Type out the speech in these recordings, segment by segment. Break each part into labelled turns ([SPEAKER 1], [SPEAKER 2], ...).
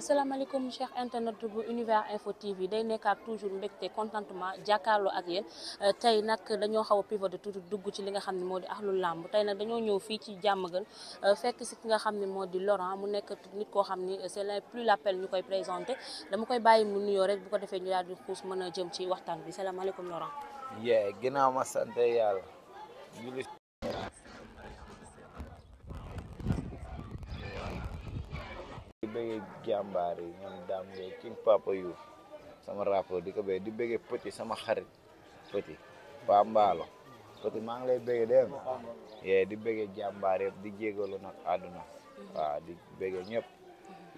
[SPEAKER 1] salaamaaleykum cher internet bu univers info tv day nekkaat toujours mbégte contentement jàkkaarloo ak yéen euh, tey nag dañoo xaw a toujours dugg ci li nga xam ne moo di lu làmb tey nag dañoo ñëw fii ci jàmmagën euh, fekk si ki nga xam ne moo di Laurent mu nekk nit koo xam ni c'est la plus l'appel ñu koy présenté dama koy bàyyi mu nuyoo rek bu ko defee ñu daal di xuus mën a jëm ci waxtaan bi salaamaaleykum Laurent
[SPEAKER 2] yee ginnaaw ma sant yàlla bëggee jàmbaar yi ñoom daam ngay king papa yu sama rapport di ko bëggee di bëggee petit sama xarit petit pa mbaalo maa ngi lay bëggee dem yee di bëggee jàmbaar yëpp di jégalu nag àdduna waaw di bëggee ñëpp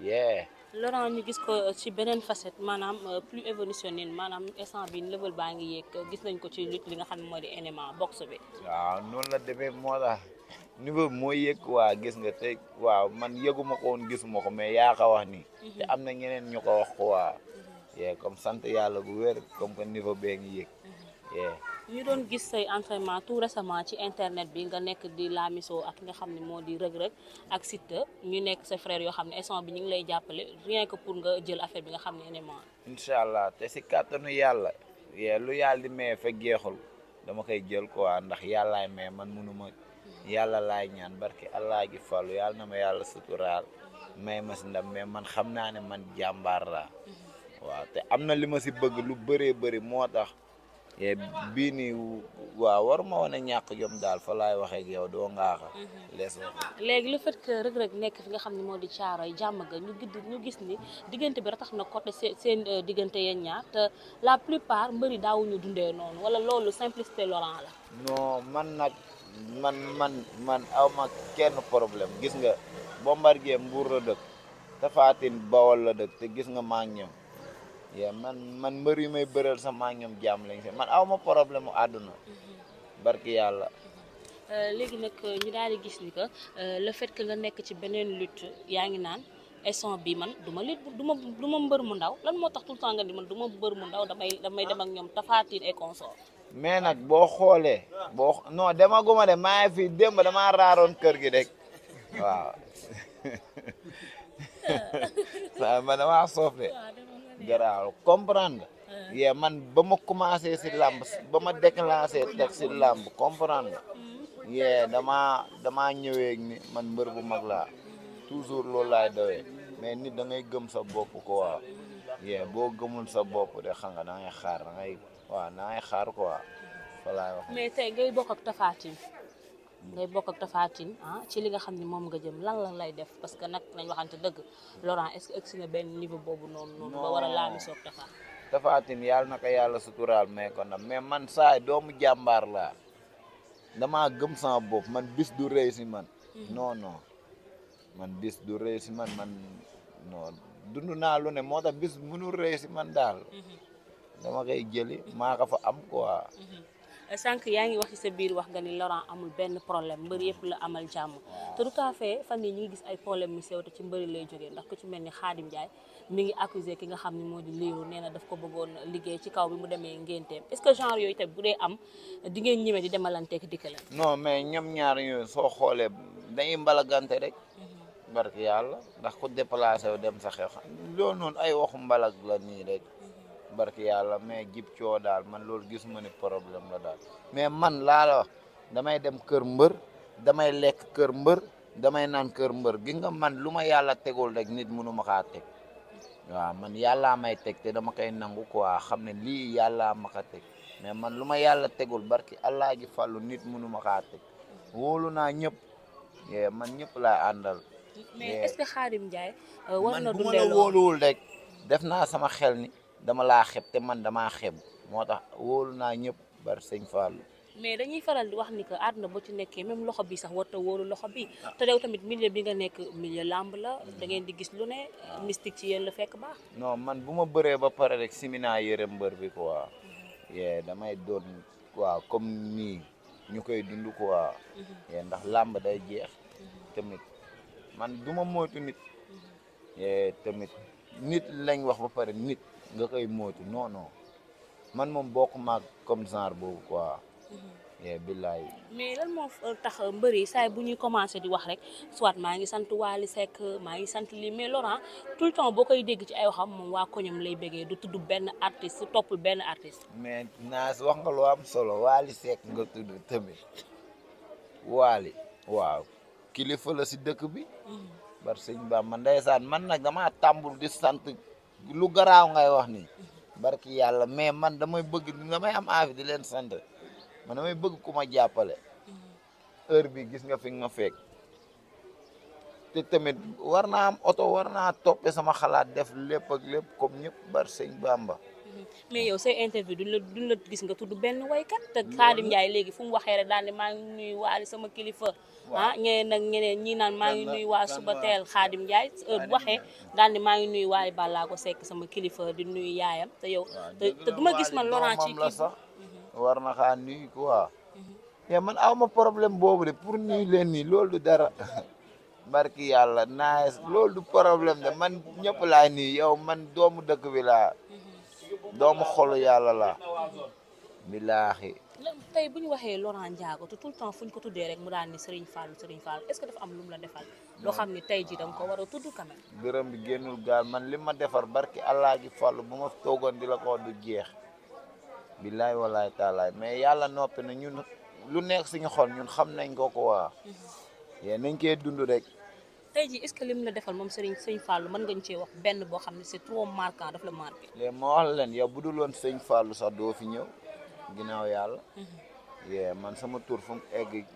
[SPEAKER 2] yee
[SPEAKER 1] Laurent ñu gis ko ci beneen facette maanaam euh, plus évolutionnelle maanaam instant bi level baa ngi yéeg gis nañ ko ci lutte li nga xam ne di MMA boxe
[SPEAKER 2] bi waaw noonu la demee moo tax niveau bi mooy yëg waa gis nga te waaw man yëguma ko woon gisuma ko mais yaa ko wax nii mhm. te am na ñeneen ñu ko wax ko waa mhm. yee comme sant yàlla bu wér comme que niveau bee yëg mhm. yee
[SPEAKER 1] ñu doon gis say entraînement tout ci internet bi nga nekk di laamiso ak nga xam ne moo di rëg-rëg ak Siteu ñu nekk sa frère yoo xam ne instant bi ñu ngi lay jàppale rien que pour nga jël affaire bi nga xam ne énément
[SPEAKER 2] incha allah te si kàttanu yàlla yee lu yàlla di maye fekk jeexul dama koy jël quoi ndax yàllaay mais man mënuma yàlla laay ñaan barki allah ji fàllu yàlla na ma yàlla suturaal may ma si ndam mais man xam naa ne man jàmbaar laa waaw te am na li ma si bëgg lu bëree bëri moo tax bii nii waaw waru ma woon a ñàkk jom daal fa laay waxee ak yow doo ngaaxa
[SPEAKER 1] mhm. lees léegi le fait que Reug nekk fi nga xam ne moo di Caaroy jàmm ga ñu gis ni diggante bi ratax na côté seen euh, diggante yeen ñaar te la plupart mbëri daawuñu dundee noonu wala loolu simplicité Laurent la
[SPEAKER 2] non man nag man man man aw ma kenn problème gis nga Bombardier Mbuur la dëkk Tapha Bawol la dëkk te gis nga maa ngi man man mbër yu may bëral sa maa ngi ñoom jàmm lañ se man aw ma problème mu àdduna
[SPEAKER 1] mm-hmm.
[SPEAKER 2] barki yàlla mm-hmm.
[SPEAKER 1] euh, léegi nag ñi daal di gis ni que euh, le fait que nga nekk ci beneen lutte yaa ngi naan esson bi man du ma lutte du ma du ma mbër mu ndaw lan moo tax tout le temps nga ni man du ma mbër mu ndaw damay damay dem ak ñoom Tapha Tine et consort
[SPEAKER 2] mais nag boo xoolee boo non demaguma de maa demb fii démb damaa raaroon kër gi rek waaw sa ma damaa soof de garaaw comprendre ah. yee man ba ma commencé si làmb ba ma déclenché teg si làmb comprendre hmm. yee dama ñëweek ni man mbër bu mag laa toujours loolu laay dawee mais nit da ngay gëm sa bopp quoi hmm. yee boo gëmul sa bopp de xam nga da xaar da ngay waaw naa xaar quoi walaay
[SPEAKER 1] mais tey ngay bokk ak tafaatin ngay bokk ak tafaatin ah, ci li nga xam ne moom nga jëm lan la lay def parce que nag nañ waxante dëgg Laurent est nga benn niveau boobu noonu noonu ba war a laami soog
[SPEAKER 2] tafaatin yàlla na ko yàlla suturaal mais kon na mais man saay doomu jàmbaar laa damaa gëm sama bopp man bis du rëy si man mhm. non man bis du rëy si man man dund naa lu ne moo tax bis mënul rëy si man daal mhm. dama koy jëli maa ko fa am quoi.
[SPEAKER 1] Mm-hmm. sànq yaa ngi wax ci sa biir wax nga ni Laurent amul benn problème mbari yëpp la amal jàmm te du kaafee fan yi ñu ngi gis ay problème mu sew ci mbëri lay jógee ndax ku ci mel ni Khadim Ndiaye mi ngi accusé ki nga xam ne moo di Lirou nee na daf ko bëggoon liggéey ci kaw bi mu demee ngénteem est-ce que genre yooyu te bu dee am di ngeen ñëwee di demalanteeg dikkale.
[SPEAKER 2] non mais ñoom ñaar yooyu soo xoolee dañuy mbalagante rek. Mm-hmm. barke yàlla ndax ko déplacé wu dem sa xew loolu noonu ay waxu mbalag la nii rek. barki yàlla mais jib coo daal man loolu gisuma ni problème la daal mais man laa la damay dem kër mbër damay lekk kër mbër damay naan kër mbër gi nga man lu ma yàlla tegul rek nit mënu ma kaa teg waaw man yàlla may teg te dama koy nangu quoi xam ne lii yàlla ma ka teg mais man lu ma yàlla tegul barki allah ji fàllu nit mënu ma kaa teg wóolu naa ñëpp man ñëpp laa àndal.
[SPEAKER 1] mais est-ce que Khadim euh, na dundee
[SPEAKER 2] rek def naa sama xel ni. dama laa xeb te man damaa xeb moo tax wóolu naa ñëpp bar sëñ Fallou
[SPEAKER 1] mais dañuy faral di wax ni que àdduna boo ci nekkee même loxo bi sax warta wóolu loxo bi te dew tamit milieu bi nga nekk milieu làmb la da di gis lu ne mystique ci yéen la fekk baax
[SPEAKER 2] non man bu ma bëree ba pare rek simina yëre mbër bi quoi damay doon quoi comme nii ñu koy dund quoi mhm. yee ndax làmb day jeex mhm. tamit man du moytu nit mhm. tamit nit lañ wax ba pare nit nga koy moytu non non man moom bokk maag comme genre boobu quoi. Mm-hmm. Yeah, billaay
[SPEAKER 1] mais lan moo tax mbër yi saa bu ñuy commencé di wax rek soit maa ngi sant Waly Seck maa ngi sant lii mais Laurent tout le temps boo koy dégg ci ay waxam moom waa koñam lay du tudd benn artiste toppul benn artiste.
[SPEAKER 2] mais naas wax nga loo am solo Waly Seck nga tudd tamit Waly waaw kilifa si dëkk bi. bar sëñ Ba man man nag damaa tàmbul di sant. lu garaaw ngay wax ni barki yàlla mais man damay bëgg nga may am envie di leen sant man damay bëgg ku ma jàppale heure bi gis nga fi ma fekk te tamit war na am oto war naa toppe sama xalaat def lépp ak lépp comme ñëpp bar sëñ Bamba
[SPEAKER 1] mais yow say interview duñ la gis nga tudd benn waykat te Xaadim Njaay léegi fu mu waxee rek daal ne maa ngi nuyu waali sama kilifa ah ñeneen nag ñeneen ñi naan maa ngi nuyu waa suba teel Xaadim Njaay waxe bu daal ne maa ngi nuyu waali Bàllaago sekk sama kilifa di nuyu yaayam te yow te du ma gis
[SPEAKER 2] man Laurent ci kii mhm. war na xaa nuyu quoi te mhm. man aw ma problème boobu de pour nuyu leen nii lool du dara barki yàlla naa loolu du problème de man ñëpp laa nuyu yow man doomu dëkk bi laa mhm. doomu xolu yàlla la bilaahi
[SPEAKER 1] tey bu ñu waxee Laurent Ndiago te tout le temps fu ñu ko tuddee rek mu daan ni Serigne Fallou Serigne Fallou est-ce que dafa am lu mu la defal loo xam ni tey jii da nga ko war a tudd quand même
[SPEAKER 2] gërëm bi génnul gaal man li ma defar barki allah ji Fallou bu ma toogoon di la ko du jeex billaay walaay taalaay mais yàlla noppi na ñun lu nekk suñu xol ñun xam nañ ko ko waa
[SPEAKER 1] mm-hmm.
[SPEAKER 2] yee nañ koy dund rek
[SPEAKER 1] tey jii est-ce que lim la defal moom Serigne Sëñ Fallou mën nga ñu cee wax benn boo xam ne c'est trop marquant daf la marqué.
[SPEAKER 2] ma wax leen yow bu dul woon Sëñ Fallou sax doo fi ñëw ginnaaw yàlla. Mhm. yee man sama tur fu mu egg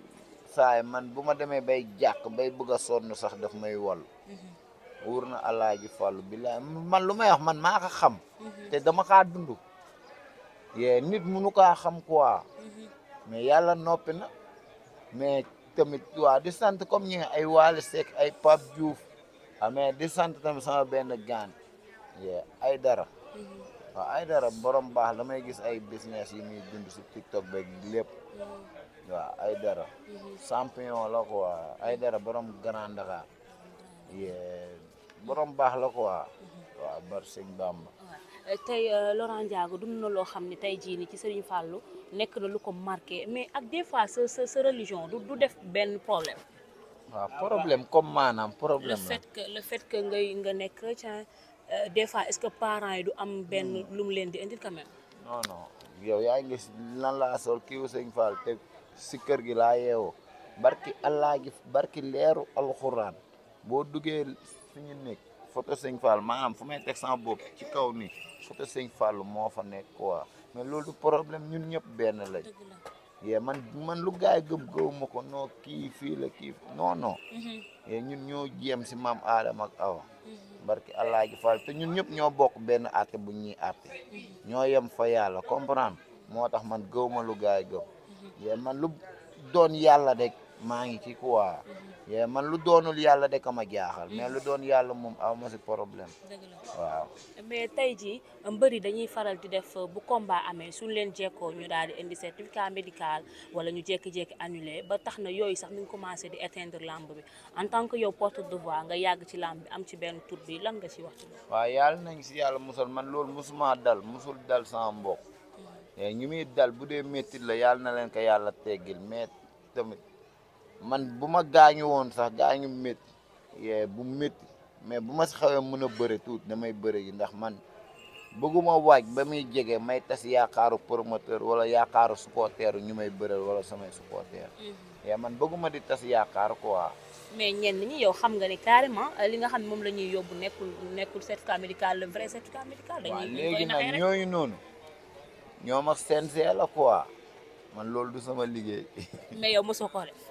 [SPEAKER 2] saay man bu ma demee bay jàq bay bëgg a sonn sax daf may wol. Mhm. wóor na Alaaji Fallou billaay man lu may wax man maa ko xam. Mhm. te dama kaa dund. yee nit munu kaa xam quoi. mais yàlla noppi na mais. tamit waa di sant comme ñi ay Waly Seck ay Pape Diouf amee di sant tamit sama benn gaan ay dara
[SPEAKER 3] mm-hmm.
[SPEAKER 2] waa ay dara borom baax damay gis ay business yi muy dund si TikTok beeg lépp
[SPEAKER 3] mm-hmm.
[SPEAKER 2] waaw ay dara mm-hmm. champion la quoi ay dara borom Grand Dakar borom baax la ko waaw bar sëñ
[SPEAKER 1] tey euh, Laurent Ndiago dund na loo xam ne tey jii ci Serigne Fallou nekk na lu ko marqué mais ak des fois sa religion du def benn problème.
[SPEAKER 2] waaw problème comme maanaam problème le fait
[SPEAKER 1] que le fait que ngay nga nekk chrétien euh, des fois est-ce que parent yi du am benn hmm. lu mu leen di indil quand même.
[SPEAKER 2] non non yow yaa ngi gis lan laa sol kii wu sëñ te si kër gi laa yeewoo barki allah gi barki leeru alxuraan boo duggee suñu nekk photo sëñ Fall maanaam fu may teg sama ci kaw nii photo sëñ Fall moo fa nekk quoi. mais loolu problème ñun ñëpp benn lañ. yee man man lu gaay gëm gëwuma ko noo kii fii la kii non non. Mhm. yee ñun ñoo jéem si maam Adama ak Awa.
[SPEAKER 3] Mhm.
[SPEAKER 2] barki Alaaji Fall te ñun ñëpp ñoo bokk benn àtte bu ñuy àtte. Mhm. ñoo yem fa yàlla comprendre moo tax man gëwuma lu gaay gëm. yee man lu doon yàlla rek. maa ngi ci quoi. yee man lu doonul yàlla de ka ma jaaxal. mais lu doon yàlla moom aw ma si problème. waaw.
[SPEAKER 1] mais tey jii mbëri dañuy faral di def bu combat amee suñu leen jekkoo ñu daal di indi certificat médical wala ñu jékki-jékki annulé ba tax na yooyu sax mi ngi commencé di éteindre lamb bi en tant que yow porte de voix nga yàgg ci lamb bi am ci benn tur bi lan nga si wax.
[SPEAKER 2] waaw yàlla nañ si yàlla musal man loolu musuma dal musul dal sa mbokk. Mm-hmm. Eh, ñu muy métti la yàlla na leen ko yàlla teggil mais man bu ma gaañu woon sax gaañu métti bu métti mais bu ma si xawee mën a bëre tuut damay bëre yi ndax man bëgguma waaj ba muy jege may tas yaakaaru promoteur wala yaakaaru supporteru ñu may bëreel wala samay supporter mhm. yaa man bëgguma di tas yaakaar quoi.
[SPEAKER 1] mais ñenn ñi yow xam nga ni carrément euh, li nga xam ne moom la ñuy yóbbu nekkul nekkul certificat médical le vrai certificat médical. dañuy léegi nag
[SPEAKER 2] ñooñu noonu ñoom ak CNG la quoi man loolu du sama liggéey.
[SPEAKER 1] mais yow mosoo ko def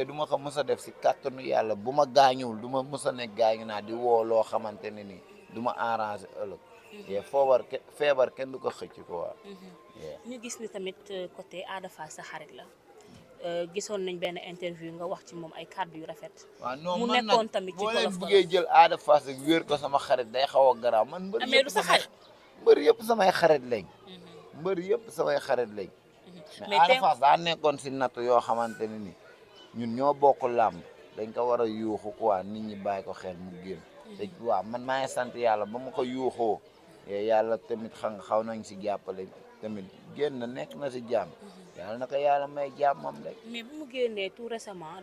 [SPEAKER 2] te du ma ko mës a def si kàttanu yàlla bu ma gaañuwul du ma mës a nekk gaañu naa di woo loo xamante ne nii du ma arrangé ëllëg. te mhm. foobar feebar kenn du ko xëcc ko waa.
[SPEAKER 1] Mhm. ñu gis ni tamit euh, coté Ada Fass sa xarit la. Euh, gisoon nañ benn interview nga wax ci moom ay kàddu yu rafet.
[SPEAKER 2] waaw mu nekkoon tamit ci tolof jël Ada Fass ak wéer ko sama xarit day xaw a garaaw man. mbër yëpp du sa xarit samay xarit lañ. mbër yëpp samay xarit lañ. Mhm. mais Ada Fass daa si natt yoo xamante nii. ñun ñoo bokk làmb dañ ka war a yuuxu quoi nit ñi bàyyi ko xel mu génn da waaw man naa ngi sant yàlla ba ma ko yuuxoo yàlla tamit xam xaw nañ si jàppale tamit génn nekk na si jàmm yàlla na ko yàlla may jàmmam rek
[SPEAKER 1] mais bu mu génnee tout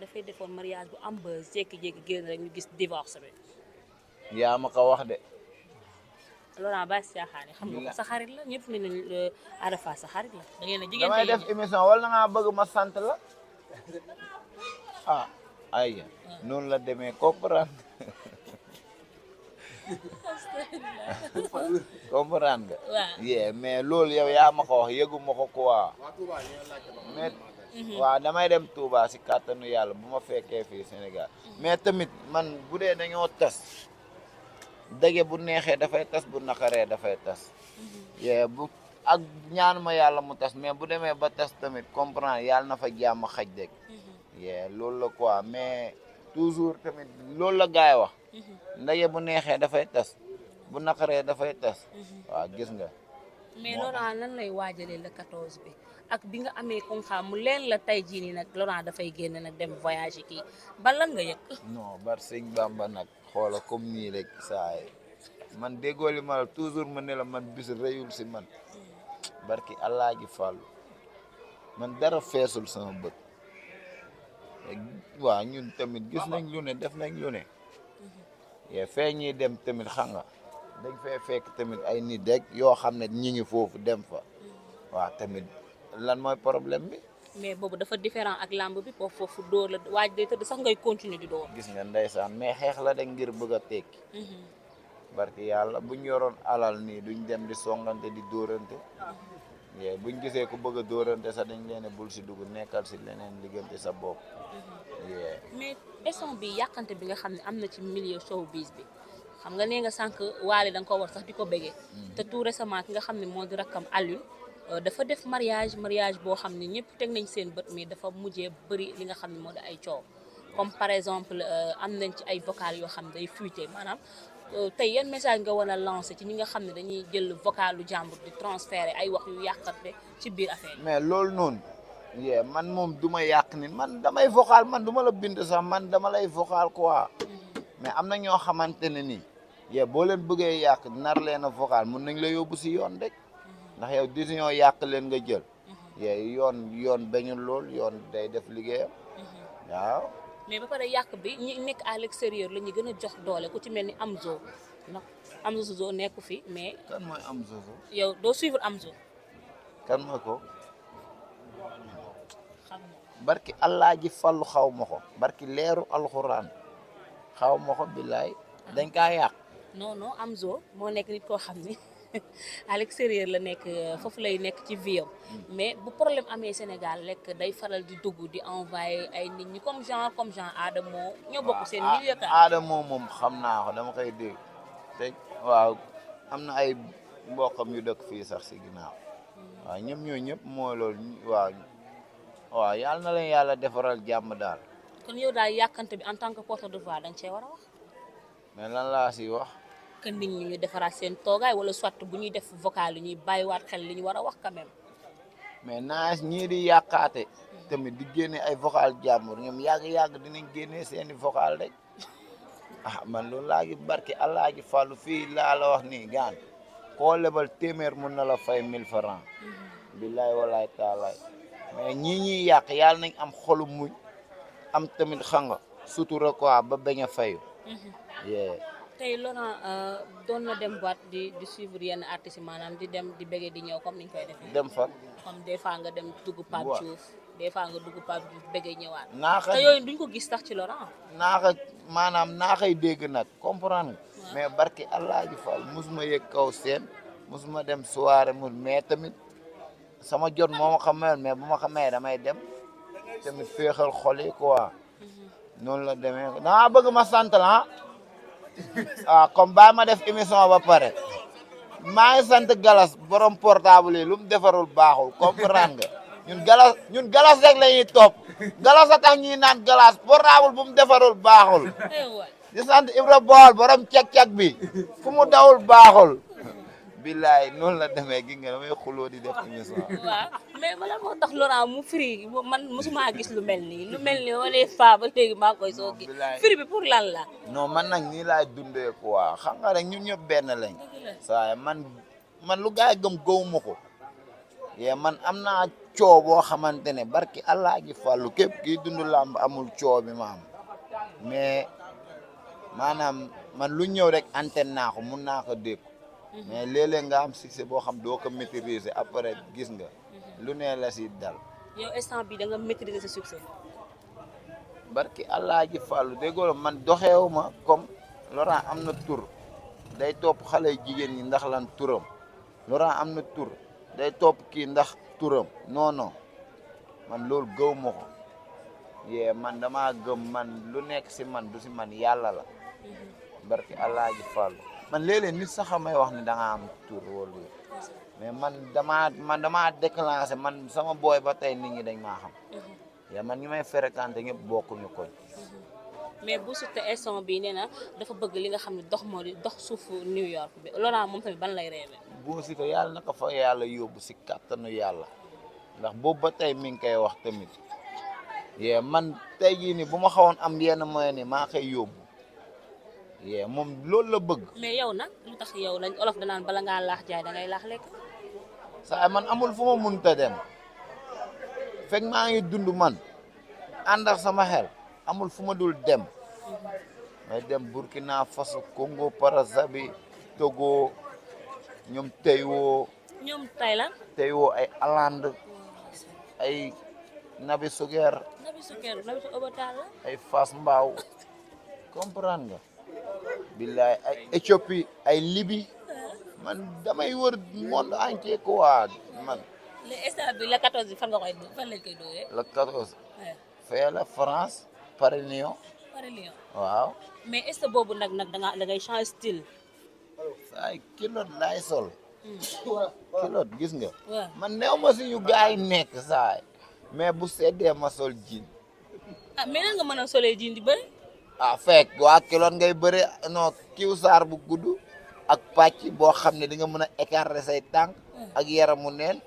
[SPEAKER 1] dafay defoon mariage bu am ba jékki-jékki gis divorce bi
[SPEAKER 2] yaa ma ko wax de
[SPEAKER 1] Laurent Basse Diakhané xam nga la ñëpp euh, ne nañ Ada
[SPEAKER 2] a bëgg ma sant la ah ay noonu la demee comprendre comprendre nga. yee mais loolu yow yaa ma ko wax ma ko quoi. mais mhm. waaw damay dem tuubaa si kàttanu yàlla bu ma fekkee fii Sénégal. Mhm. mais tamit man bu dee dañoo tes dëgg bu neexee dafay tes bu naqaree dafay tes mhm. yee bu ak ñaan ma yàlla mu tes mais bu demee ba tes tamit comprendre yàlla na fa jàmm xaj dëgg. yee loolu la quoi mais toujours tamit loolu la gaay wax mhm. ndaje bu neexee dafay tas bu naqaree dafay tas mhm. waaw gis nga mais Laurent
[SPEAKER 1] lan lay waajalee le 14 bi ak bi nga amee konxaa mu leen la tey jii nii nag Laurent dafay génn nag dem voyage kii ba nga yëg
[SPEAKER 2] non bar sëñ Bamba nag xoola comme nii rek saay man déggoo li ma la toujours ma ne la man bis rëyul si man mhm. barki Allah ji fàllu man dara feesul sama bët waaw ñun tamit gis nañ lu ne def nañ lu ne mhm. fee ñuy dem tamit xam nga dañ fee fekk tamit ay nit rek yoo xam ne ñi ngi foofu dem fa
[SPEAKER 1] mhm.
[SPEAKER 2] waaw tamit lan mooy problème bi
[SPEAKER 1] mais boobu dafa différent ak làmb bi boobu foofu dóor la waaj day tëdd sax ngay continuer di dóor
[SPEAKER 2] gis nga ndeysaan mais xeex la dañ ngir bëgg a tekki mhm. barki yàlla bu ñu yoroon alal nii duñ dem di songante di dóorante ah. yee buñ gisee ku bëgg a dóorante sax dañ leen bul si dugg nekkal si leneen liggante sa bopp. yee
[SPEAKER 1] mais instant bi yàkkante bi nga xam ne am na ci millier milieu showbiz bi xam nga nee nga sànq waale da ko war sax di ko bëggee. Mm-hmm. te tout récemment ki nga xam ne moo di rakkam Alioune euh, dafa def mariage mariage boo xam ne ñëpp teg nañ seen bët mais dafa mujjee bëri li nga xam ne moo di ay coow. comme par exemple euh, am nañ ci ay vocal yoo xam ne day fuité maanaam Euh, tey yan message nga war a ci ñi nga xam ne dañuy jël vocalu jàmbur di transférer ay wax yu yàqate ci biir affaire
[SPEAKER 2] mais loolu noonu. yee man moom du ma yàq ni man damay vocal man du ma la bind sax man dama lay vocal quoi. Mm-hmm. mais am na ñoo xamante ne nii. yee boo leen bëggee yàq nar leen a vocal mun nañ la yóbbu si yoon rek. Mm-hmm. ndax yow décision yàq leen nga jël. Mm-hmm. yee yoon yoon bañul lool yoon day def liggéeyam. waaw.
[SPEAKER 1] mais ba pare yàq bi ñu nekk à l'extérieur la ñu gën a jox doole ku ci mel ni am Amzo am Amzo Sozo nekku fi mais. kan mooy Amzo Sozo. yow doo suivre Amzo. kan ma ko. xam
[SPEAKER 2] nga barki allah ji fallu xaw ma ko. barki leeru alxuraan xaw ma billaay dañ kaa yàq.
[SPEAKER 1] non am Amzo moo nekk nit koo xam ni. à la nekk foofu lay nekk ci vie hmm. mais bu problème amee Sénégal lekk day faral di dugg di envoyé ay nit ñi comme genre comme genre Adamo ñoo bokk seen ah,
[SPEAKER 2] moom xam naa ko dama koy dégg te waaw am na ay mbokkam yu dëkk fii sax si ginnaaw hmm. waaw ñëpp ñoo ñëpp mooy loolu waaw waaw yàlla na leen yàlla defaral jàmm daal
[SPEAKER 1] kon yow daal yàkkante bi en tant que porte de voix dañ cee war a wax
[SPEAKER 2] mais lan si wax
[SPEAKER 1] que nit ñi ñu defaraat seen toogaay wala soit bu ñuy def vocal yi ñuy bàyyiwaat xel li ñu war a wax quand même.
[SPEAKER 2] mais naa ñii di yàqaate tamit di génne ay vocal jàmbur ñoom yàgg-yàgg dinañ génne seeni vocal rek ah man loolu laa gi barki allah ji fàllu fii laa la wax nii gaan koo lebal téeméer mun na la fay mille francs billaay walaay taalaay mais ñii ñi yàq yàlla nañ am xolu muñ am tamit xanga sutura quoi ba bañ a fayu mm-hmm.
[SPEAKER 1] tey Laurent euh, doon na dem baat di di suivre yenn artistes maanaam di dem di bëggee di ñëw comme ni ñu koy defee. dem
[SPEAKER 2] fa comme
[SPEAKER 1] des fois nga dem dugg Pape Diouf. des faa nga dugg Pape Diouf bëggee ñëwaat. naaxa te duñ ko gis tax ci Laurent.
[SPEAKER 2] naaxa maanaam naaxay dégg nag comprendre mais barki allah ji fal mosuma yëg kaw seen mosuma dem soirée mu mais tamit sama jot moo ma xamal mais bu ma xamee damay dem tamit féexal xol yi quoi. Mm-hmm. noonu la demee dangaa bëgg ma sant la ah. a ah, comme ba ma def émission ba pare maa ngi sant galas borom portable yi lu mu defarul baaxul comprendre nga ñun galas ñun galas rek la ñuy topp galas a tax ñuy naan galas portable bu mu defarul baaxul di sant Ibra Bool borom cek-cek bi fu mu dawul baaxul billaay noonu la demee gi nga damay xuloo di def émission. waaw
[SPEAKER 1] mais bala moo tax Laurent mu firi man mosuma gis lu mel nii lu mel nii wala fa ba léegi maa koy soo gi firi bi lan la.
[SPEAKER 2] non man nag nii laay dundee quoi xam nga rek ñun ñëpp benn man lu gaa gëm gëw ma ko. man am naa coo boo xamante ne barki allah gi fàllu képp kii dund làmb amul coo bi ma am maanaam man lu ñëw rek antenne naa ko mun naa ko dégg
[SPEAKER 1] Mhm. mais léeg-léeg
[SPEAKER 2] nga am succès boo xam doo ko maîtriser après gis nga. Mhm. lu ne la si dal.
[SPEAKER 1] yow instant bi da nga maîtriser sa succès.
[SPEAKER 2] barki allah ji fàllu déggoo man doxeewu ma comme Laurent am na tur day topp xale jigéen ñi ndax lan turam Laurent am na tur day topp kii ndax tuuram non man loolu gëw ma yee man damaa gëm man lu nekk si man du si man yàlla la mhm. barki allah ji fàllu man léeg-léeg nit sax may wax ne da nga am tur wóolu mais man dama man damaa déclenché man sama booy ba tey nit ñi dañ maa xam. Mhm. ya man ñi may fréquenté ñëpp bokkuñu koñ.
[SPEAKER 1] Mhm. mais bu sutee instant bii nee na dafa bëgg li nga xam ne dox moo di dox suufu New York bi Laurent moom tamit ban lay réeré.
[SPEAKER 2] bu sutee yàlla na ko fa yàlla yóbbu si kattanu yàlla ndax boobu ba tey mi ngi koy wax tamit man tey jii nii bu ma xawoon am yenn moyen maa yóbbu. yee moom loolu la bëgg.
[SPEAKER 1] mais yow nag lu tax yow lañ olof danaan bala ngaa laax jaay da laax lekk.
[SPEAKER 2] saa man amul fu ma mënta dem fekk maa ngi dund man ànd sama xel amul fu ma dul dem. may dem Burkina Faso Congo Brazzaville Togo ñoom Taïwo.
[SPEAKER 1] ñoom tay la.
[SPEAKER 2] Taïwo ay Hollande ay Nabi Suger.
[SPEAKER 1] Nabi Suger Nabi Obatal la.
[SPEAKER 2] ay Fass Mbao comprendre nga. billaay ay Éthiopie ay Libye man damay wër monde entier quoi man.
[SPEAKER 1] le instant bi le 14 fan koy fan lañ koy
[SPEAKER 2] fee la France Paris Lyon. waaw.
[SPEAKER 1] mais est ce que boobu nag nag da nga style.
[SPEAKER 2] ay kilot laay sol. Hmm. kilot gis nga. man néew ma si yu gars nekk saay mais bu seddee ma sol jean.
[SPEAKER 1] ah mais nan nga solee jean di bëri.
[SPEAKER 2] ah fekk waa kiloon ngay bëre noo kiw saar bu gudd ak pàcc boo xam ne di mën a écarter say tànk ak yaram yaramu neen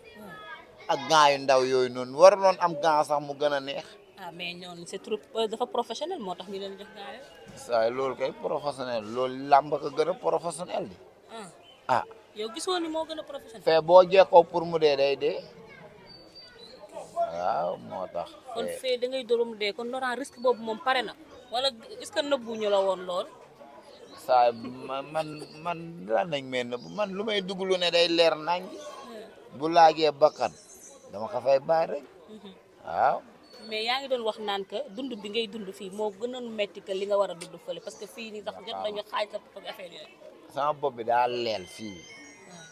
[SPEAKER 2] ak gants yu ndaw yooyu noonu war noon am gants mu gën a neex.
[SPEAKER 1] ah mais ñoom c'est euh, moo tax ñu leen jox gants yooyu.
[SPEAKER 2] saa loolu kay professionnel loolu làmb ko gën a professionnel di. Ah. ah
[SPEAKER 1] yow gisoo ni moo gën a professionnel.
[SPEAKER 2] fee boo jekkoo pour mu dee day dee. waaw moo tax. kon fee
[SPEAKER 1] da ngay dóor kon Laurent risque boobu moom pare na. wala est-ce que nëbbuñu la woon lool.
[SPEAKER 2] saa man man daan nañ man lu may dugg ne day leer nañ bu laajee bakkan dama ko fay bàyyi rek. waaw.
[SPEAKER 1] mais yaa ngi doon wax naan que dund bi ngay dund fii moo gën a métti que li nga war a dund fële parce que fii nii sax jot nañu xaaj sa bopp affaire yooyu.
[SPEAKER 2] sama bopp bi daa leel fii.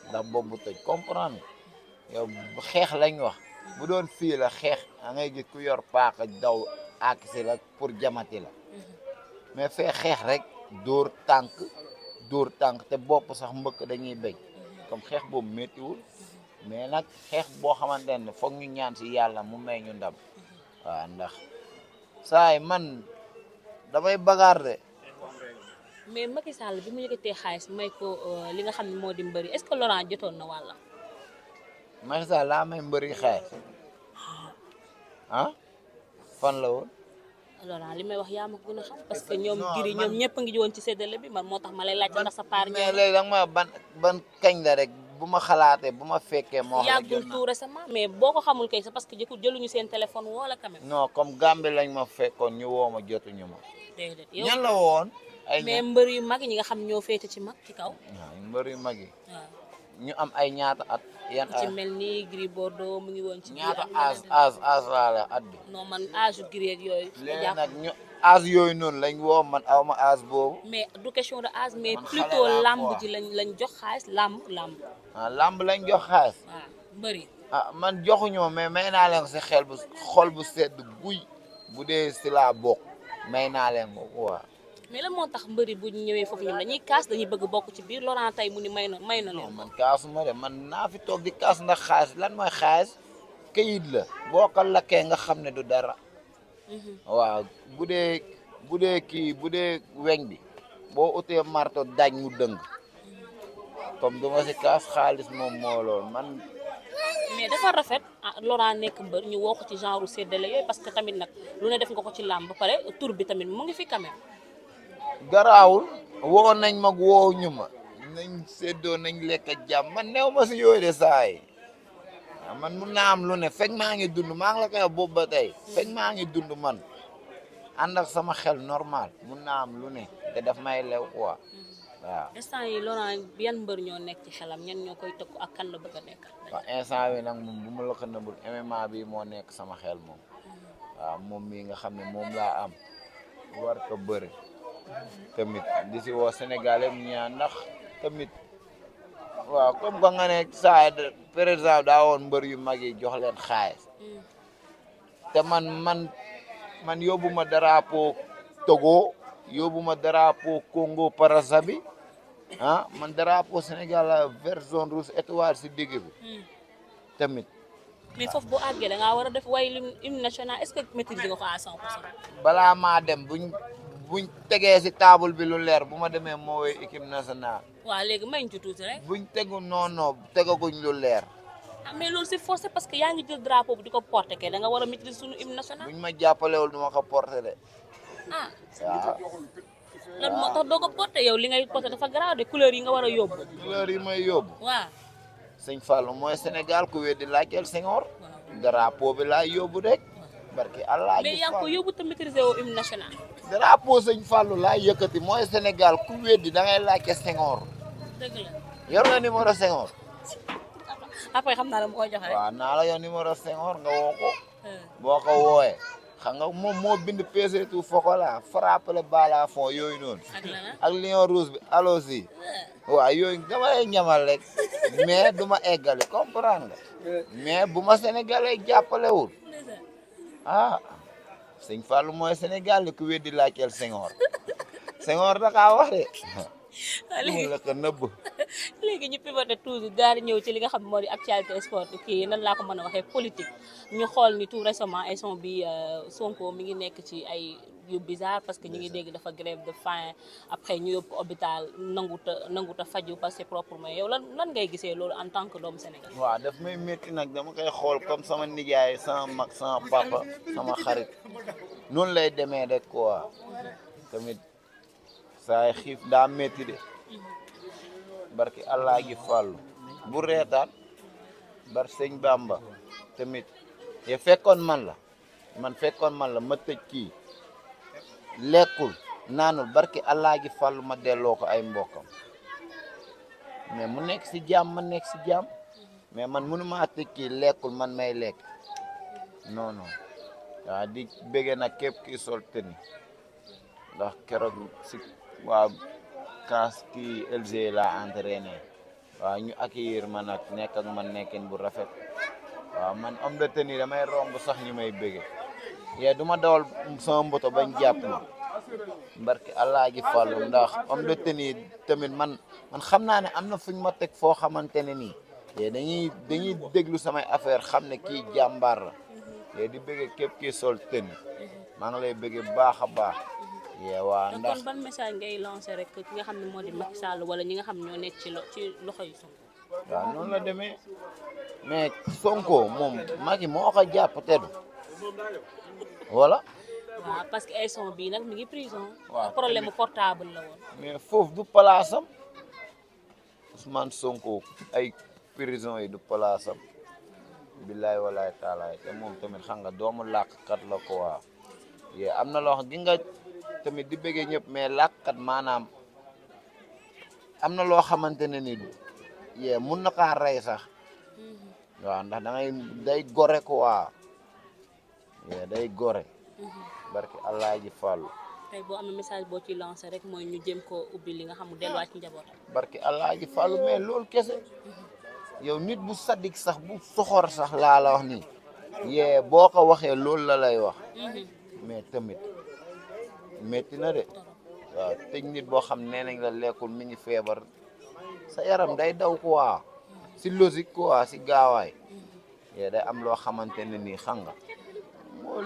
[SPEAKER 2] ndax bopp bu tëj comprendre yow xeex lañ wax. bu doon fii la xeex da ngay gis ku yor paaka daw àgg la pour jamati la. mais fee xeex rek dóor tànk dóor tànk te bopp sax mbëkk dañuy béy comme xeex boobu méttiwul mais nag xeex boo xamante ne foog ñu ñaan si yàlla mu may ñu ndam waaw ndax saay man damay bagaar de.
[SPEAKER 1] mais Macky bi mu yëkkatee xaalis may ko euh, li nga xam ne moo di mbëri est-ce que jotoon na wàlla.
[SPEAKER 2] Macky laa may mbëri xaalis ah, ah? fan la woon.
[SPEAKER 1] Laurent ah, li may wax yaa ma gën a xam parce que ñoom giri ñoom ñëpp ngi woon ci séddale bi man moo tax ma lay laaj ndax sa part mais léegi
[SPEAKER 2] danga ma ban ban kañ la rek bu ma xalaatee bu ma fekkee moo yàggul tout
[SPEAKER 1] récemment mais boo ko xamul kay sa parce que jëkku jëluñu seen téléphone woo la quand
[SPEAKER 2] comme Gambie lañ ma fekkoon ñu woo ma jotuñu ma
[SPEAKER 1] déedéet yow ñan la woon ay mbër yu mag yi ñi nga xam ñoo féete ci mag ci kaw
[SPEAKER 2] mbër yu mag yi ñu am ay ñaata at. yan ci
[SPEAKER 1] mel ni Gris Bordeaux ñaata âge
[SPEAKER 2] âge âge laa la at bi. non man
[SPEAKER 1] âge Gris yooyu. léegi nag
[SPEAKER 2] ñu âge yooyu noonu lañ woo man aw ma âge boobu. mais
[SPEAKER 1] du question de âge mais plutôt lamb ji lañ lañ jox xaalis lamb lamb.
[SPEAKER 2] Ah, lañ jox xaalis. waaw ah, ah man joxuñu mais may naa leen si xel bu xol bu sedd guy bu dee si laa bokk may naa leen
[SPEAKER 1] mais lan moo tax mbëri bu
[SPEAKER 2] ñu ñëwee foofu ñoom dañuy kaas dañuy bëgg bokk ci biir Laurent tey mu ni may na may na leen. man kaasuma de man naa fi toog di kaas ndax xaalis lan mooy xaalis kayit la boo ko lakkee nga xam ne du dara. Mhm. waaw bu dee bu dee kii bu dee weñ bi boo utee marto daaj mu dëng comme duma si kaas xaalis moom moo lool man.
[SPEAKER 1] mais dafa rafet ah, Laurent nekk mbër ñu woo ko ci genre séddale yooyu parce que tamit nag lu ne def nga ko ci làmb pare tur bi tamit mu ngi fi kame
[SPEAKER 2] garaawul woo nañ mag woo ñu ma nañ séddoo nañ lekk ak jàmm man néew ma si yooyu de saay ah, man mun naa am lu ne fekk maa ngi dund maa ngi la ba tey fekk maa ngi dund man ànd sama xel normal mun naa am lu ne te daf may lew quoi waaw.
[SPEAKER 1] instant yi Laurent yan mbër ñoo nekk ci xelam ñan ñoo koy
[SPEAKER 2] moo nekk sama xel moom mm-hmm. waaw moom mii nga xam ne moom laa am war ko bëri. tamit di si woo Sénégalais mu ñaan ndax tamit waaw comme que nga ne par exemple daa woon mbër yu mag yi jox leen te man man man yóbbu ma drapeau Togo yóbbu ma drapeau Congo Brazzaville ah man drapeau Sénégal vert jaune rouge étoile si digg hmm. tamit.
[SPEAKER 1] mais foofu boo àggee da ngaa def way hymne national est-ce que maîtrise nga
[SPEAKER 2] balaa maa dem buñ tegee si table bi lu leer bu ma demee moo wéy équipe nationale.
[SPEAKER 1] waaw léegi mayuñ ci tuuti rek.
[SPEAKER 2] buñ tegu non non ñu lu leer.
[SPEAKER 1] ah mais loolu c'est forcé parce que yaa ngi jël drapeau bi di ko porté kay da nga war a maîtriser suñu hymne national. buñ
[SPEAKER 2] ma jàppalewul du ma ko porté de.
[SPEAKER 1] ah waaw. lan moo tax doo ko porté yow li ngay porté dafa garaaw de couleur yi nga war a yóbbu. couleur yi may yóbbu. waaw.
[SPEAKER 2] sëñ Fallou mooy Sénégal ku laa laajteel Senghor. drapeau bi laay yóbbu rek. barki allah mais yaa
[SPEAKER 1] ngi ko yóbbu te maîtriser wu hymne national.
[SPEAKER 2] drapeau sëñ laa yëkkati mooy Sénégal ku weddi da ngay laajte Senghor. dëgg la yor naa la mu koy joxe rek. waaw ko. Euh. boo ko wooyee. xam nga moom moo bind PC tout Fokola frappe le bala fond yooyu ak lion rouge bi allons-y. waaw yooyu ñamal rek mais du eggali comprendre nga. mais bu ma ah sëñ Fallou mooy Sénégal ku weddi laajteel Senghor Senghor da kaa wax de. la ko
[SPEAKER 1] léegi ñu pivoté toujours daal di ñëw ci li nga xam moo di actualité sport kii nan laa ko mën a waxee politique ñu xool ni tout récemment émission bi euh, Sonko mi ngi nekk ci ay yu bizarre parce que ñu ngi dégg dafa grève de faim après ñu yóbbu hôpital nanguta nanguta faju parce que propre moyen yow lan lan ngay gise loolu en tant que doomu
[SPEAKER 2] Sénégal waaw daf may métti nag dama koy xool comme sama nijaay sama mag sama papa sama xarit noonu lay demee rek quoi tamit saa xiif daa métti de mhm. barki allah ji fàllu bu reetaan bar sëñ Bamba tamit ye fekkoon man la man fekkoon man la ma tëj kii lekkul naanul barki allah ji fàllu ma delloo ko ay mbokkam mais mu nekk si jàmm ma nekk si jàmm mais man mënuma tëj kii lekkul man may lekk non non di bëggee nag képp kii sol ndax keroog si waaw kaas kii LG laa entraîné waaw ñu accueillir ma nag nekk man nekkin bu rafet waaw man homme de tenue damay romb sax ñu may bëgge yee du dawal sama mboto bañ jàpp ma mbarki allah ji fàllu ndax om de tenue tamit man man xam naa ne am na fuñ ma teg foo xamante ne nii yee dañuy dañuy déglu samay affaire xam ne kii jàmbaar la yee di bëgge képp kii sol tenue maa lay bëgge baax baax yeewaa ndax kon ban
[SPEAKER 1] message ngay lancé rek nga xam ne moo di Macky Sall wala ñi nga xam ñoo nekk ci lo ci loxo yu Sonko.
[SPEAKER 2] waaw noonu la demee mais Sonko moom Macky moo ko jàpp te du voilà.
[SPEAKER 1] waaw parce que instant bii nag mi ngi prison. waaw problème portable la
[SPEAKER 2] mais foofu du palaasam Ousmane Sonko ay prison yi du palaasam. billaay walaay taalaay te moom tamit xam nga doomu làkkat la ko waa yee am na loo xam tamit di bëggee ñëpp mais làkkat maanaam am na loo xamante ne ni yee mun na kaa rey sax
[SPEAKER 1] mm-hmm.
[SPEAKER 2] waaw ndax da day gore quoi yee day gore mm-hmm. barki allah ji fàllu
[SPEAKER 1] tey boo ci lancé rek mooy ñu jëm koo ubbi li nga xam mu delluwaat ci njaboot
[SPEAKER 2] barki allah mais loolu
[SPEAKER 1] kese mm-hmm.
[SPEAKER 2] yow nit bu sadik sax bu soxor sax laa la wax nii yee boo ko waxee loolu la lay wax mais tamit metti na de waaw tëj nit boo xam nee nañ la lekkul mu ngi feebar sa yaram day daw quoi si logique quoi si gaawaay yee day am loo xamante ne nii xam nga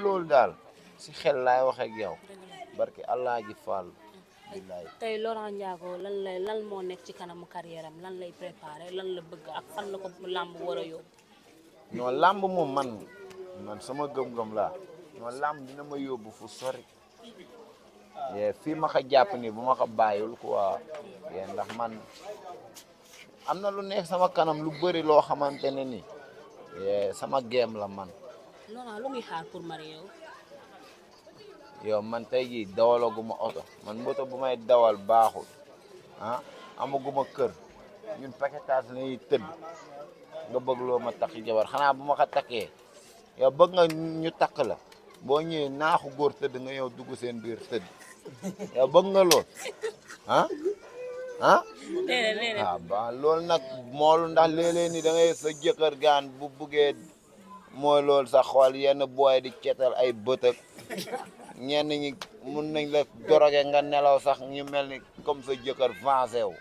[SPEAKER 2] loolu daal si xel laay wax ak yow barki allah ji fall
[SPEAKER 1] tey Laurent Ndiago lan lay lan moo nekk ci kanamu carrière lan lay préparé lan la bëgg ak fan la ko
[SPEAKER 2] làmb war yóbbu non làmb moom man man sama gëm-gëm laa non làmb dina ma yóbbu fu sori fii ma xa jàpp ni bu ma xa bàyyul quoi ndax man am na lu neex sama kanam lu bëri loo xamante ne ni sama game la man.
[SPEAKER 1] Laurent lu muy xaar pour marier yow.
[SPEAKER 2] yow man tey jii dawalaguma oto man moto bu may dawal baaxul ah amaguma kër ñun paquetage la ñuy tëdd nga bëgg loo ma takk jabar xanaa bu ma ko takkee yow bëgg nga ñu takk la boo ñëwee naaxu góor tëdd nga yow dugg seen biir tëdd. yow bëgg lool ah ah ah ba loolu nag moolu ndax léeg-léeg ni da ngay sa jëkkër gaan bu buggee mooy loolu sax xool yenn booy di cetal ay bëtëk ñenn ñi mun nañ la doroge nga nelaw sax ñi mel ni comme sa jëkkër vancé wu ah.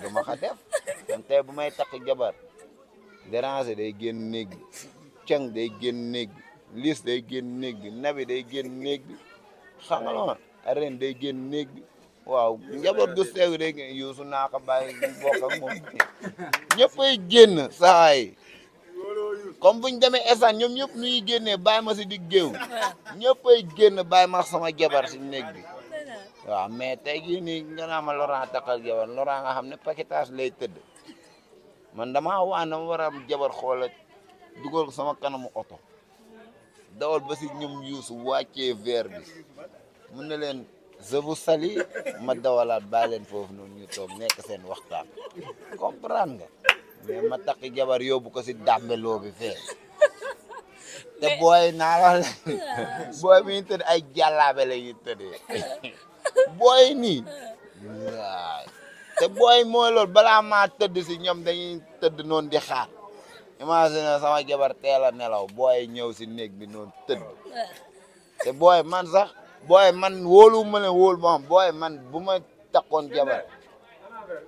[SPEAKER 2] du def kon tey may takk jabar déranger day génn néeg bi day génn néeg lis day génn néeg bi nabi day génn néeg bi xam nga ren day génn néeg bi waaw njaboot gu sew rek yuusu naa ko bàyyi bokk ak moom ñëppay génn saa yi comme demee esan ñoom ñëpp nuy génnee bàyyi ma si dig géew ñëppay génn bàyyi ma sama jabar si néeg bi waaw mais te jii nii nga naa ma Laurent takkal jabar Laurent nga xam ne paquetage la tëdd man damaa waa na war a am jabar xoola dugal sama kanamu oto dawal ba si ñoom yuusu wàccee verre bi mun na leen je vous salue ma dawalaat bàyyi leen foofu noonu ñu toog nekk seen waxtaan comprendre nga mais ma takki jabar yóbbu ko si dàmbeloo bi fee te booy naa la booy bi ñu tëdd ay jàllaabe la ñuy tëddee booy nii te booy mooy loolu balaa maa tëdd si ñoom dañuy tëdd noon di xaar imagine sama jabar teel nelaw booy ñëw si néeg bi noonu tëdd te booy man sax booy man wóolu ma ne wóolu ma man bu ma takoon jabar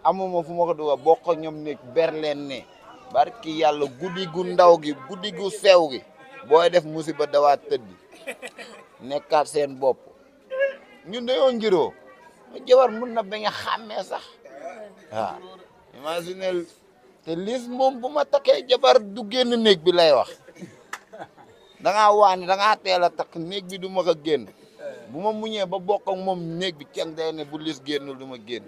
[SPEAKER 2] amuma fu ma ko dugal bokk ak ñoom berleen ne barki yàlla guddi gu ndaw gi guddi gu sew gi booy def musiba dawaat tëdd nekkaat seen bopp ñun dañoo njiroo ma jabar mun na ba nga sax waaw imaginel te liis moom bu ma takkee jabar du génn néeg bi lay wax da ngaa waane da ngaa teel a takk néeg bi du ma ko génn bu ma muñee ba bokk ak moom néeg bi kenn day ne bu lis génnul lu ma génn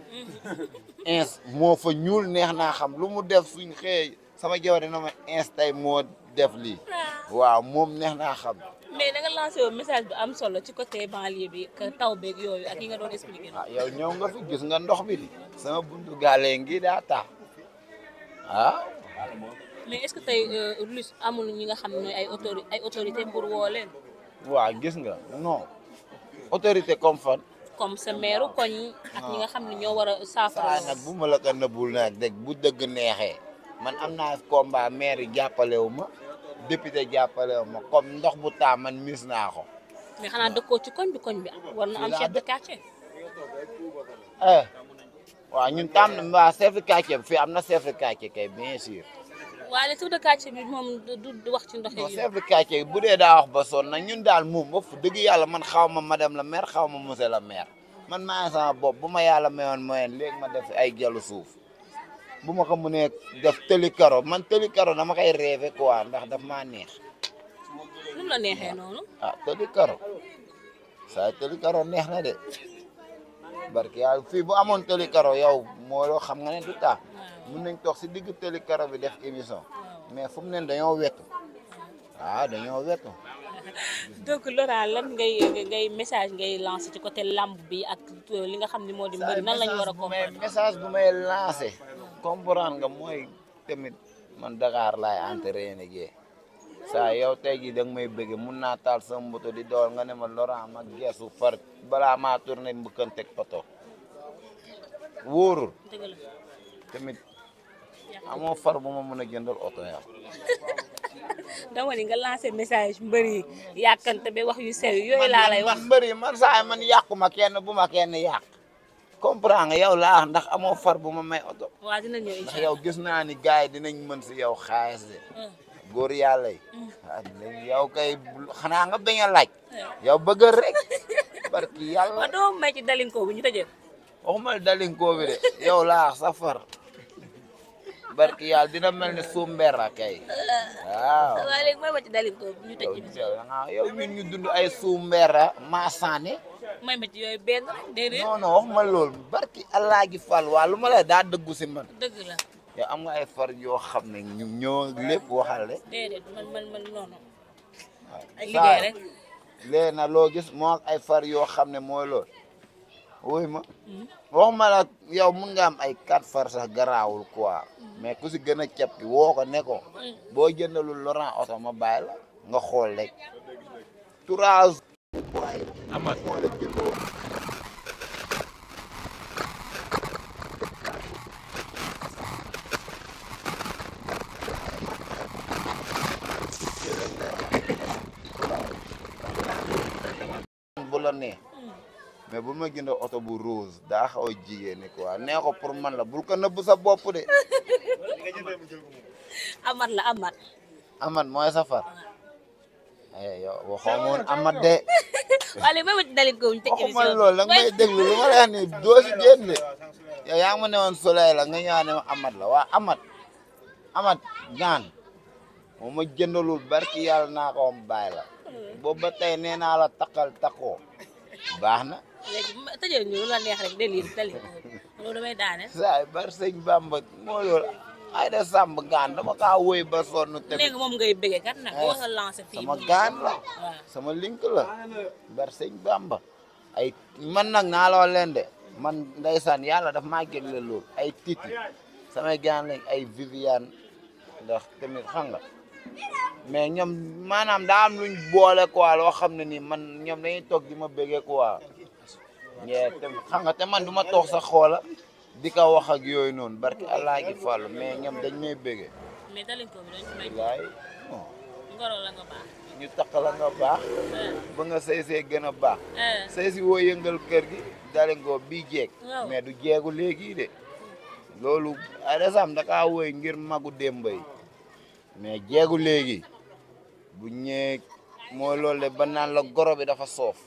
[SPEAKER 2] ins moo fa ñuul neex naa xam lu mu def suñ xëyee sama jabar dina ma ins tey moo def lii ah. waaw moom neex naa xam
[SPEAKER 1] mais da nga message bi am solo ci côté banlieue bi que taw beeg yooyu ak yi nga doon expliqué. ah
[SPEAKER 2] yow nga gis nga ndox mi di sama buntu gaale ngi daa taa ah. mais
[SPEAKER 1] est Lus euh, amul ñi nga xam ne ay autorité ay autorité pour woo leen.
[SPEAKER 2] waaw gis nga non. autorité comme fan.
[SPEAKER 1] comme sa meeru koñ yi. ak ñi nga xam ne ñoo war a saafara. nag
[SPEAKER 2] bu ma bul ko nëbbul bu dëgg neexee man am naa combat maire yi jàppale wu ma député jàppale wu ma comme ndox bu taaman man mis naa ko.
[SPEAKER 1] mais xanaa dëkkoo ci koñ bi koñ na am eh, chef de quartier.
[SPEAKER 2] waaw ñun tam waa chef fii am na chef de quartier kay bien sûr.
[SPEAKER 1] waaye chef de quartier bi moom du wax ci ndox
[SPEAKER 2] de bu dee daa wax ba sonn nag ñun daal moom ba dëgg yàlla man xaw ma madame la maire xaw ma monsieur la man maa sama bop bu ma yàlla mayoon moyen léegi ma def ay jalu suuf bu ma ko mënee def tëli karo man tëli karo dama koy rêvé quoi ndax daf ma neex.
[SPEAKER 1] nu la neexee noonu.
[SPEAKER 2] ah tëli karo saa tëli karo neex na de barke yàlla fii bu amoon tëli karo yow moo loo xam nga ne du taa. mun nañ toog si digg télé karo bi def émission mais fu mu dañoo wettu waaw ah, dañoo wettu donc Laura lan
[SPEAKER 1] ngay ngay message ngay lancé ci côté làmb bi ak li nga xam ni moo di mbëri nan la ñu war a
[SPEAKER 2] comprendre message bu may lancé comprendre nga mooy tamit man Dakar laay entraîné jee saa yow tey jii da nga may bëgg mun naa taal sa moto di dool nga ne ma Laurent ma geesu far balaa maa tourné mbëkkante teg poto wóorul tamit amoo far bu ma mën a jëndal oto yaa
[SPEAKER 1] da ni nga lancé message mbëri yàkkante ba wax yu sew yooyu laa lay wax.
[SPEAKER 2] mbëri man saa man yàqu ma kenn bu ma kenn yàq. comprend nga yow laa ndax amoo far bu ma may oto. waaw dina ndax yow gis naa ni gars yi dinañ mën si yow xaalis de. Mm. góor yàlla yi. Mm. yow kay xanaa nga bañ a laaj. yow bëggal rek. barki yàlla. waaw doo may ci dalinkoo bi ñu tëjee. waxuma dalinkoo bi de yow laa sax far. barki yàlla dina mel ni suum mber la kay waaw ñu ah, ñu dund ay suum mber maasaane may ma ci yooyu benn wax ma loolu barki allah gi fal waa lu ma la daa dëggu si man yow am nga ay far yoo xam ne ñu ñoo lépp waxal rek déedéet na loo gis moo ay far yoo xam ne mooy loolu wóoy ma hmm? waxuma la yow mu ngaam ay quatre far sax garaawul quoi mm. mais ku si gën a ceeb ki woo ko ne ko mm. boo jëndalul Laurent oto ma bàyyi nga xool rek tourage bu la neex mais bu ma jëndee oto bu rose daa xaw a jigéen ni quoi nee ko man la bul ko nëbb sa bopp de.
[SPEAKER 1] amat la amat.
[SPEAKER 2] amat mooy safar. eh yow amat de. waa
[SPEAKER 1] léegi même dalit ko wuñ teg émission waxuma loolu la nga may
[SPEAKER 2] ni doo si génn yaa ngi ma ne woon soleil la nga ñëwaat ne ma amat la waa amat amat ñaan moo ma jëndalul barki yàlla naa ko am bàyyi la. boobu ba tey nee naa la takkal takkoo baax na. léegi bu ma tëjee ñu la neex rek délire délire loolu damay daane. Bamba eh, sama gaan la Bamba ay man nag naa loo leen de man ndeysaan yàlla daf maa gégle lool ay titi samay gaan lañ ay Viviane ndax tamit xam nga mais ñoom maanaam daa luñ boole quoi loo xam ne nii man ñoom dañuy toog di ma bëggee quoi ñee te xam nga te man duma ma toog sax di ko wax ak yooyu noonu barki allah gi fàllu mais ñoom dañ may béggee mais ñu takk la nga baax eh. ba nga sëy see gën a baax sëy eh. si woo yëngal kër gi daleen bi bii jeeg mais du jeegu léegi de loolu adesam dakaa woy ngir magu démba yi mais jeegu léegi bu ñëwee mooy loolu de ba naan la goro bi dafa soof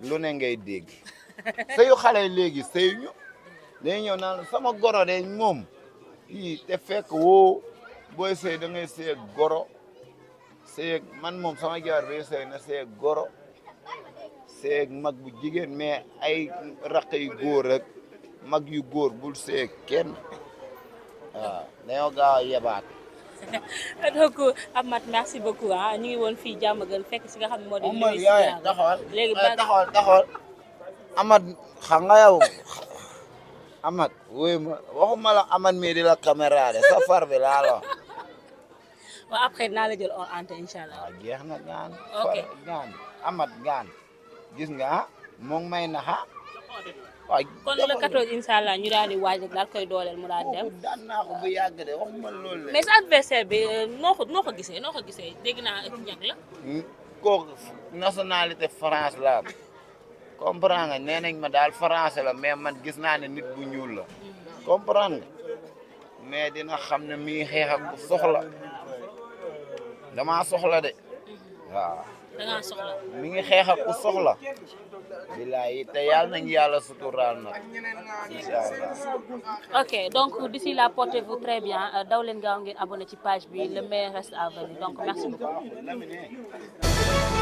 [SPEAKER 2] lu ne ngay dégg sëyu xale léegi sëyu ñu day ñëw na sama goro de moom i te fekk woo booy sëy da ngay goro sëy man moom sama jaar bi sëy na sëy goro sëy mag bu jigéen mais ay raq yu góor ak mag yu góor bul sëy kenn waaw dañoo gaaw a yebaat
[SPEAKER 1] donc Amath merci beaucoup ah ñu ngi woon fii jàmm gën fekk si nga xam ne moo di. moom yaay
[SPEAKER 2] taxawal léegi taxawal ma waxuma la Amath mii di de safar bi laa la
[SPEAKER 1] après naa la jël en antenne incha allah. Ah,
[SPEAKER 2] jeex na gaan ok gaan Amath gaan gis nga ah, moom may naxa waaw kon le 14
[SPEAKER 1] incha ñu daal di waaj daal koy dooleel mu daal dem. daan
[SPEAKER 2] naa bu yàgg
[SPEAKER 1] de sa adversaire bi euh, noo ko noo ko gisee noo ko gisee naa ñàkk la.
[SPEAKER 2] kooku France la am. comprendre nga nee nañ ma daal français la mais man gis naa ne nit bu ñuul la. comprendre nga mais dina xam ne mi xeex ak ku soxla damaa soxla de. Mhm. waaw. da
[SPEAKER 3] soxla mi ngi xeex soxla.
[SPEAKER 2] bilaay te yàlla nañu yàlla suturaal na incha allah
[SPEAKER 1] ok donc d'ici la portez-vous très bien euh, daw leen gaaw ngeen abonné ci page bi le meilleur reste à venir donc merci beaucoup